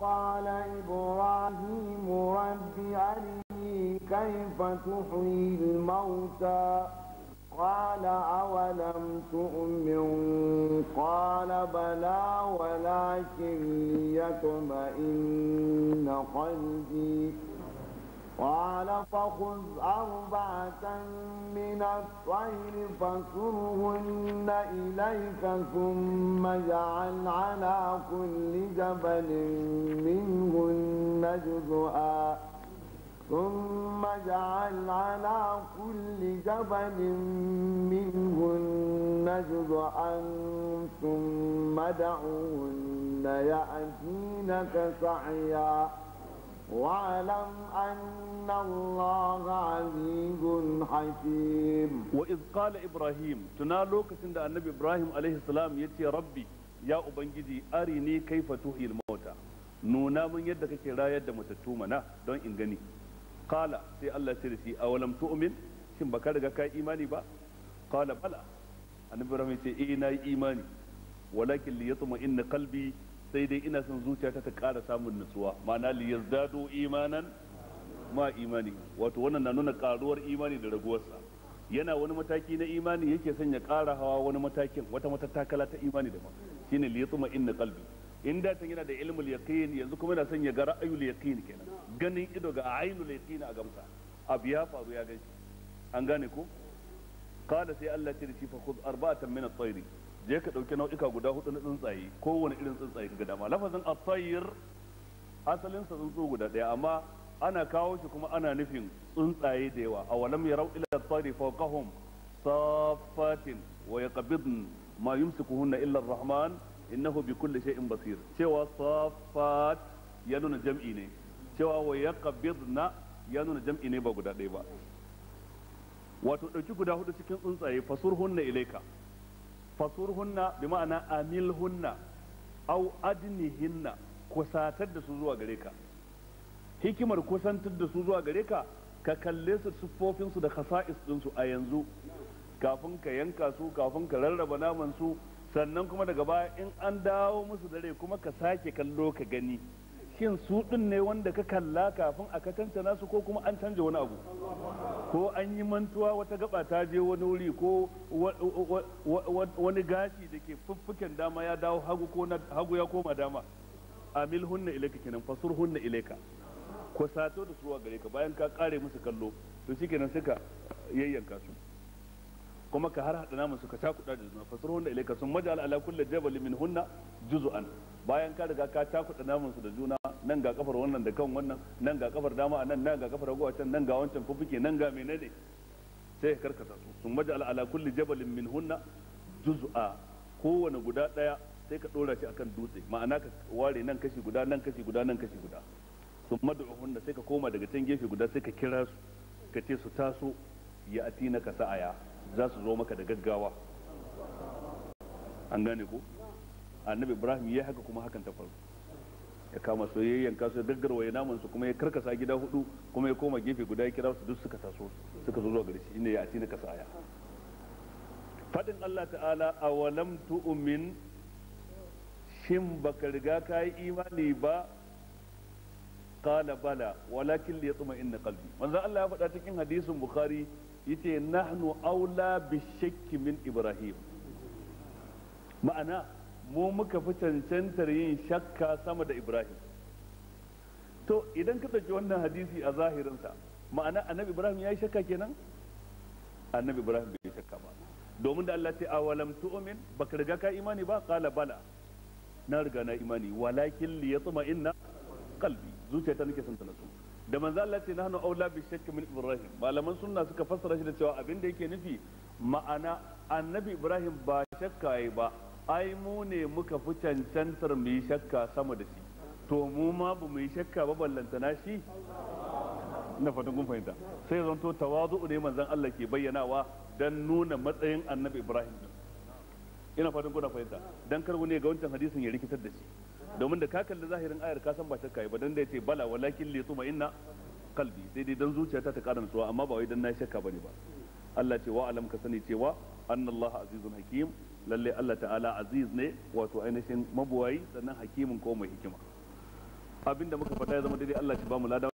قال إبراهيم رب أرني كيف تحيي الموتى قال أولم تؤمن قال بلى ولكن ليطمئن قلبي قال فخذ أربعة من الطير فكرهن إليك ثم اجعل على كل جبل منهن جزءا ثم جعل على كل جبل منهن جزءا ثم دعوهن يأتينك سعيا واعلم أن الله عزيز حكيم وإذ قال إبراهيم تنالوك سند النبي إبراهيم عليه السلام يتي ربي يا أبنجدي أرني كيف تحيي الموتى nuna mun yadda kake rayar da matattu mana don in gani kala sai Allah ce da shi awalam shi shin baka riga ka imani ba kala bala annabi rahmi ce eh na yi imani walakin li yatma inna qalbi sai dai ina son zuciyata ta ƙara samun nutsuwa ma'ana li yazdadu imanan ma imani wato wannan na nuna karuwar imani da raguwarsa yana wani mataki na imani yake son ya ƙara hawa wani matakin wata takala ta imani da ma shine li yatma inna qalbi in da yana da ilmul yaqin yanzu kuma yana son ya ga ra'ayul yaqin kenan ganin ido ga ainul yaqin a gamsa abu ya faru ya gani an gane ko qala sai Allah ya ce shi fa khudh arba'atan min at-tayri je ka ɗauki nau'ika guda hudu na tsuntsaye kowane irin tsuntsaye ga dama lafazin asayir asalinsa tsuntsu guda ɗaya amma ana kawo shi kuma ana nufin tsuntsaye da yawa a walam ya rau ila tsari fawqahum safatin wa yaqbidn ma yumsikuhunna illa ar-rahman innahu bi kulli shay'in basir cewa safat ya nuna jam'i ne cewa wa yaqbidna ya nuna jam'i ne ba guda ɗaya ba wato ɗauki guda hudu cikin tsuntsaye fasurhunna ilaika fasurhunna bi ma'ana hunna au hinna kusatar da su zuwa gare ka hikimar kusantar da su zuwa gare ka ka kalle su siffofinsu da kasa'is ɗinsu a yanzu kafin ka yanka su kafin ka rarraba naman su sannan kuma daga baya in an dawo musu dare kuma ka sake kallo ka gani shin su ɗin ne wanda ka kalla kafin a ka tantana su ko kuma an canja wani abu ko an yi mantuwa wata gaba ta je wani wuri ko wani gashi da ke fuffuken dama ya dawo hagu ko hagu ya koma dama amil hunna ilaika kenan fasur hunna ilaika ko sato da suwa gare ka bayan ka kare musu kallo to shikenan suka yayyanka su kuma ka har hada namu suka kuɗa da zuwa fasur hunna ilaika sun majal ala kulli jabal min hunna juz'an bayan ka riga ka kuɗa namun su da juna nan ga kafar wannan da kan wannan nan ga kafar dama a nan nan ga kafar hagu a can nan ga wancan fuffuke nan ga menene sai ya karkasa su sun majal ala kulli jabalin min hunna juz'a kowane guda daya sai ka dora shi akan dutse ma'ana ka ware nan kashi guda nan kashi guda nan kashi guda sun hunna sai ka koma daga can gefe guda sai ka kira su ka ce su taso ya atina ka sa'aya za su zo maka da gaggawa an gane ko annabi ibrahim ya haka kuma hakan ta faru ya kama soyayyen ya yanka su ya su kuma ya karkasa gida hudu kuma ya koma gefe guda ya kira su duk suka taso suka zo zuwa gare shi inda ya asina kasa aya fadin Allah ta'ala walam tu'min shin baka riga ka yi imani ba qala bala walakin li na kalbi manzo Allah ya faɗa cikin hadisin bukhari yace nahnu aula bishakki min ibrahim ma'ana mu muka fi cancantar yin shakka sama da ibrahim to idan ka ɗauki wannan hadisi a zahirinsa ma'ana annabi ibrahim ya yi shakka kenan annabi ibrahim bai yi shakka ba domin da Allah ce a walam tu'min baka riga ka imani ba kala bala na riga na imani walakin li yatma inna qalbi zuciyata nake son ta nasu da manzo Allah ce nahnu aula bi shakka min ibrahim malaman sunna suka fassara shi da cewa abin da yake nufi ma'ana annabi ibrahim ba shakka yayi ba ai mu ne muka fi cancantar mu yi shakka sama da shi to mu ma ba mu yi shakka ba ballantana shi na fatan kun fahimta sai to tawazu ne manzon Allah ke bayyanawa dan nuna matsayin annabi Ibrahim ina fatan kun fahimta dan kar ne ga wancan hadisin ya rikitar da shi domin da ka kalli zahirin ayar ka san ba shakka ba dan da yace bala walakin li tuma inna qalbi sai dai dan zuciyata ta karan tsuwa amma ba wai dan na shakka bane ba Allah ce wa alam ka sani cewa annallahu azizun hakim lalle Allah ta'ala aziz ne wato ainihin mabuwayi sannan hakimin ko mai hikima abinda muka faɗa ya zama daidai Allah shi ba mu lada